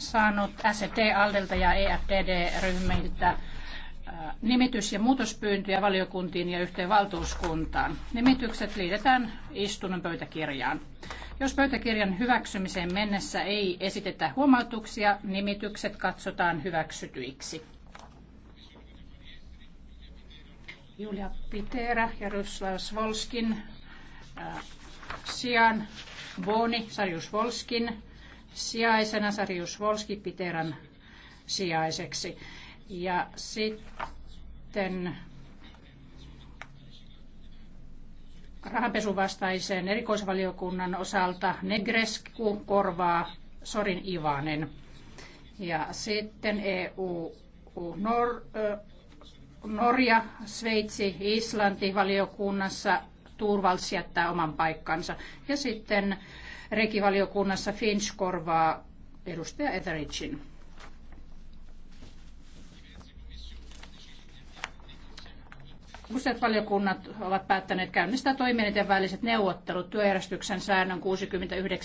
saanut SFD Aldelta ja EFDD-ryhmiltä äh, nimitys- ja muutospyyntöjä valiokuntiin ja yhteen valtuuskuntaan. Nimitykset liitetään istunnon pöytäkirjaan. Jos pöytäkirjan hyväksymiseen mennessä ei esitetä huomautuksia, nimitykset katsotaan hyväksytyiksi. Julia Pitera ja Ruslav Svolskin äh, sijaan Booni Sarjus Volskin sijaisena Sarius Volski Piteran sijaiseksi. Ja sitten rahanpesuvastaisen erikoisvaliokunnan osalta Negresku korvaa Sorin Ivanen. Ja sitten EU, Nor, Norja, Sveitsi, Islanti valiokunnassa Turvals jättää oman paikkansa. Ja sitten rekivaliokunnassa Finch korvaa edustaja Etheridgein. Useat valiokunnat ovat päättäneet käynnistää toimielinten väliset neuvottelut työjärjestyksen säännön 69